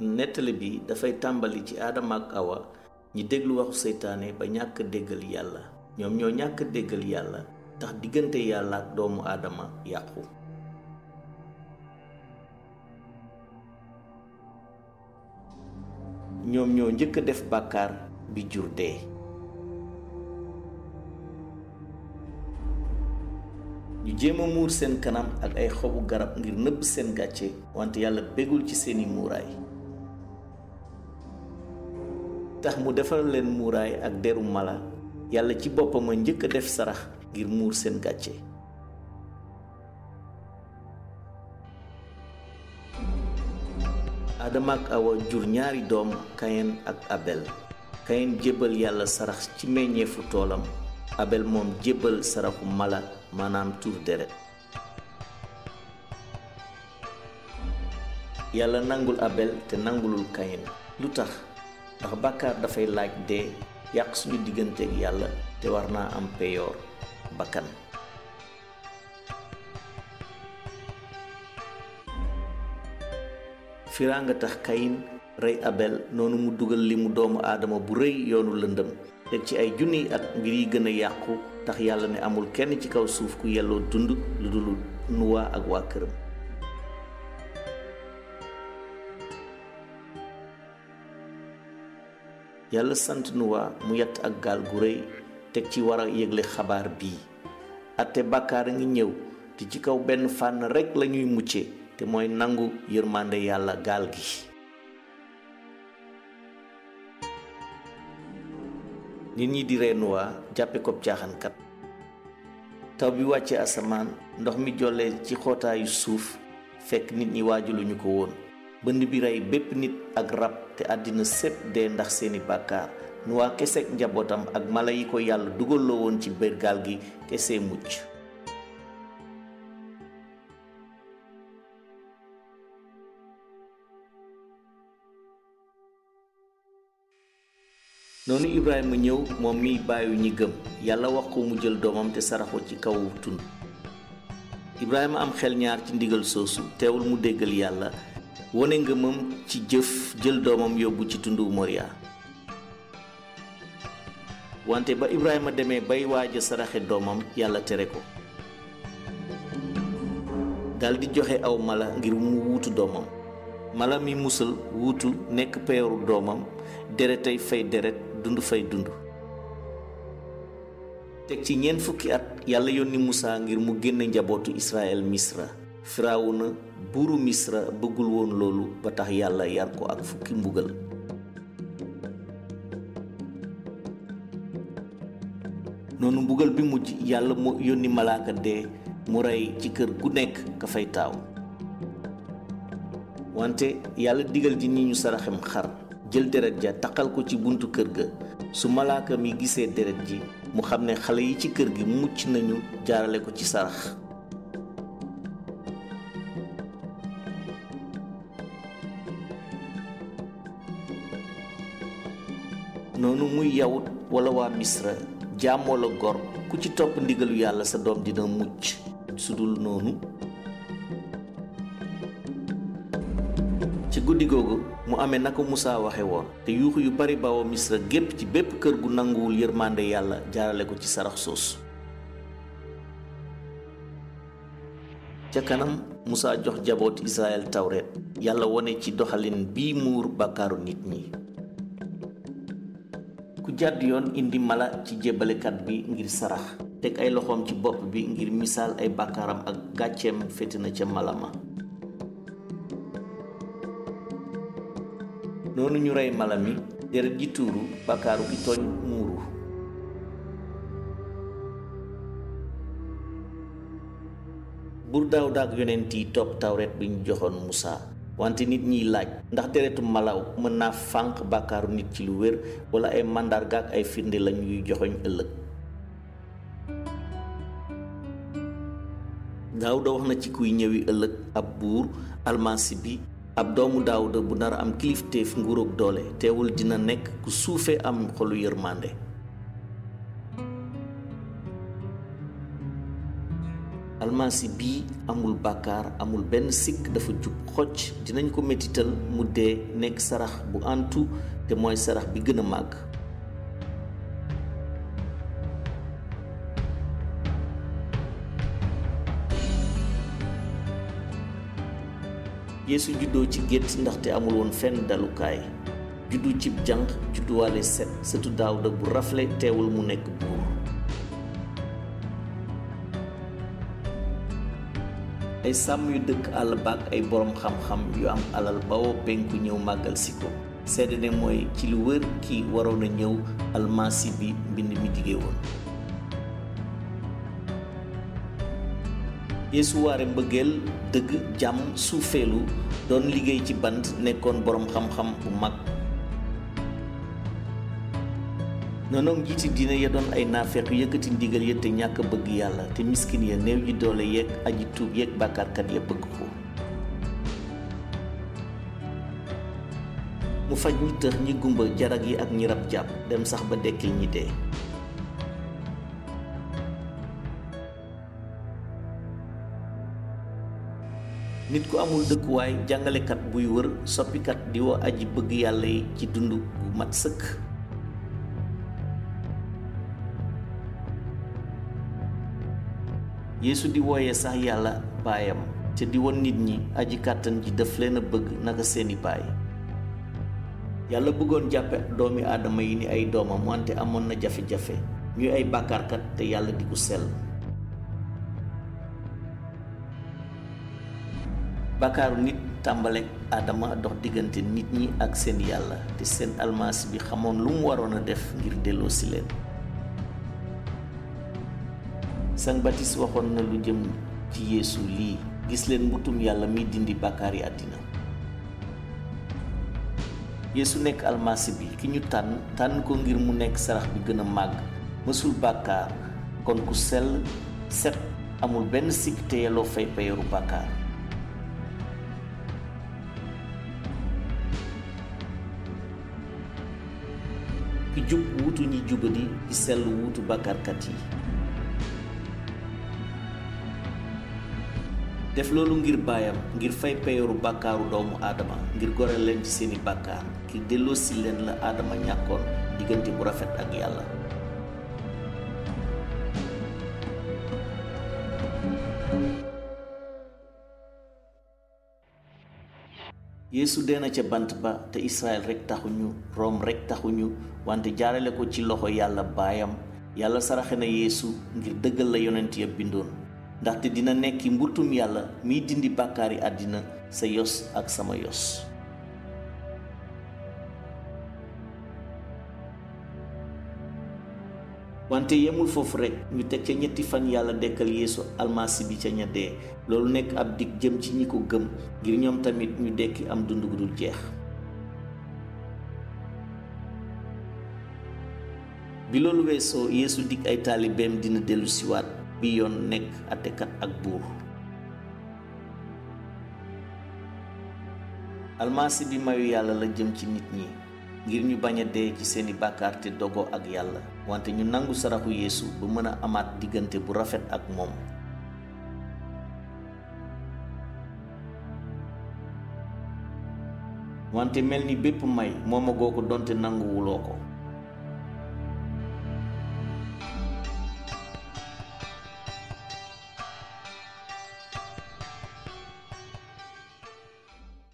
nettale bi dafay tàmbali ci aadama ak awa ñi déglu waxu seytaane ba ñàkk déggal yàlla ñoom ñoo ñàkk déggal yàlla tax diggante yàlla ak doomu aadama yàqu ñoom ñoo njëkk a def bàkkaar bi jur dee ñu jéem a muur seen kanam ak ay xobu garab ngir nëbb seen gàcce wante yàlla bégul ci seeni muuraay tax mu defal leen muuraay ak deru mala yàlla ci boppam a njëkk a def sarax ngir muur seen gàcce adama ak awa jur ñaari doom kayen ak abel kayen jébbal yàlla sarax ci meññeefu toolam abel moom jébbal saraxu mala maanaam tur deret yàlla nangul abel te nangulul kayen lu tax ndax bàkkaar dafay laaj de yàq suñu digganteeg yàlla te war naa am peyoor bakkan firaa nga tax kayin rey abel noonu mu dugal li mu doomu aadama bu rëy yoonu lëndëm de ci ay junniy at mbir yi gën a yàqu tax yàlla ne amul kenn ci kaw suuf ku yelloo dund lu dul nuwaa ak waa këram yàlla sant nuwaa mu yett ak gaal gu rëy teg ci war a yëgle xabaar bii atte bàkkaar a ngi ñëw te ci kaw benn fànn rekk lañuy mucce te mooy nangu yërmande yàlla gaal gi nit ñi di ree nuwaa jàppe ko jaaxankat taw bi wàcce asamaan ndox mi jolle ci xootaayu suuf fekk nit ñi waajuluñu ko woon bënd bi rey bépp nit ak rab te àddina sépp dee ndax seeni bàkkaar nuwaa njabootam ak mala yi ko yàlla dugaloo woon ci biir gaal gi kesee mucc noonu Ibrahima ñëw moom miy bàyyu ñi gëm yàlla wax ko mu jël doomam te saraxo ci kaw tund Ibrahima am xel ñaar ci ndigal soosu teewul mu déggal yàlla wone ngëmam ci jëf jël doomam yóbbu ci tundu Moria wante ba ibraahima demee bay waaja saraxe doomam yàlla tere ko daldi joxe aw mala ngir mu wuutu doomam mala mi musal wuutu nekk peeru doomam deretay fay deret dund fay dund teg ci ñeent fukki at yàlla yónni Musaa ngir mu génne njabootu Israël Misra firawna buuru misra bëggul woon loolu ba tax yàlla yar ko ak fukki mbugal noonu mbugal bi mujj yàlla mu yónni malaaka dee mu rey ci kër gu nekk ka fay taaw wante yàlla digal ji ñi ñu saraxem xar jël deret ja takkal ko ci buntu kër ga su malaaka mi gisee deret ji mu xam ne xale yi ci kër gi mucc nañu jaarale ko ci sarax noonu muy yawut wala waa misra jaam wala gor ku ci topp ndigalu yàlla sa doom dina mucc su dul noonu ci guddi googu mu amee naka Musaa waxe woon te yuuxu yu bari bawoo misra gépp ci bépp kër gu nanguwul yërmande yàlla jaarale ko ci sarax soosu ca kanam Musaa jox jaboot Israël tawret yàlla wone ci doxalin bii muur bàkkaaru nit mi ku jàdd yoon indi mala ci jébbalekat bi ngir sarax teg ay loxoom ci bopp bi ngir misaal ay bàkkaaram ak gàcceem féete na ca mala ma noonu ñu rey mala mi deret ji tuuru bàkkaaru ki tooñ muuru buur daawda ak yonent yi topp tawret bi ñu joxoon Musaa wante nit ñiy laaj ndax deretu malaw mën naa fànq bàkkaaru nit ci lu wér wala ay màndarga ak ay firnde la joxoñ ëllëg daawuda wax na ci kuy ñëwi ëllëg ab buur almasi bi ab doomu daawuda bu nar am kilifteef nguur ak doole teewul dina nekk ku suufee am xolu yërmande almasi bii amul bàkkaar amul benn sikk dafa jub dinañ ko métital mu dee nekk sarax bu antu te mooy sarax bi gën a màgg yeesu juddoo ci gétt ndaxte amul woon fenn dalukaay juddu cib janq judduwaale set sëtu daawda bu rafle teewul mu nekk buur ay sàmm yu dëkk àll baak ay boroom xam-xam yu am alal bawoo penku ñëw màggal si ko seede ne mooy ci lu wër kii waroon a ñëw almasi bi mbind mi dige woon yeesu jàmm suufeelu doon liggéey ci bant nekkoon boroom xam bu mag noonu njiiti diine ya doon ay naafeq yëkkati ndigal ya te ñàkk bëgg yàlla te miskin ya néew yi doole yeeg aji tuub yeeg bàkkaarkat ya bëgg ko mu faj ñi tëx ñi gumba jarag yi ak ñi rab jàpp dem sax ba dekkil ñi dee nit ku amul dëkkuwaay jàngalekat buy wër soppikat di woo aji bëgg yàlla ci dund bu mat sëkk yeesu di wooyee sax yàlla baayam ca di won nit ñi aji kàttan ji daf leen a bëgg naka seeni baay yàlla bëggoon jàppe doomi aadama yi ni ay doomam wante amoon na jafe-jafe ñuy ay bàkkaarkat te yàlla di ko sell bàkkaaru nit tàmbale aadama dox diggante nit ñi ak seen yàlla te seen almaasi bi xamoon lu mu waroon a def ngir delloo si leen Saint Baptiste waxoon na lu jëm ci yeesu lii gis leen mbutum yàlla mi dindi bàkkaar àddina yeesu nekk almasi bi ki ñu tànn tànn ko ngir mu nekk sarax bi gën a màgg mësul bàkkaar kon ku sell set amul benn sikk te yelloo fay payeeru bàkkaar ki jub wuutu ñi jubadi ci sell wuutu bàkkaarkat yi def loolu ngir baayam ngir fay peyooru bàkkaaru doomu aadama ngir goreel leen ci seeni bàkkaar ngir delloosi leen la aadama ñàkkoon diggante bu rafet ak yàlla yéesu dee na ca bant ba te israel rekk taxuñu room rekk taxuñu wante jaarale ko ci loxo yàlla baayam yàlla saraxe na yéesu ngir dëggal la yonent ya bindoon ndaxte dina nekki mbutum yàlla miy dindi bàkkaari àddina sa yos ak sama yos wante yemul foofu rek ñu teg ca ñetti fan yàlla dekkal yeesu almasi bi ca ña dee loolu nekk ab dig jëm ci ñi ko gëm ngir ñoom tamit ñu dekki am dund gu jeex bi loolu weesoo yeesu dig ay taalibeem dina dellu bi yoon nekk atekat ak buur almasi bi mayu yàlla la jëm ci nit ñi ngir ñu bañ a dee ci seeni bàkkaar te dogoo ak yàlla wante ñu nangu saraxu yéesu ba mën a amaat diggante bu rafet ak moom wante mel ni bépp may mooma goo ko donte nanguwuloo ko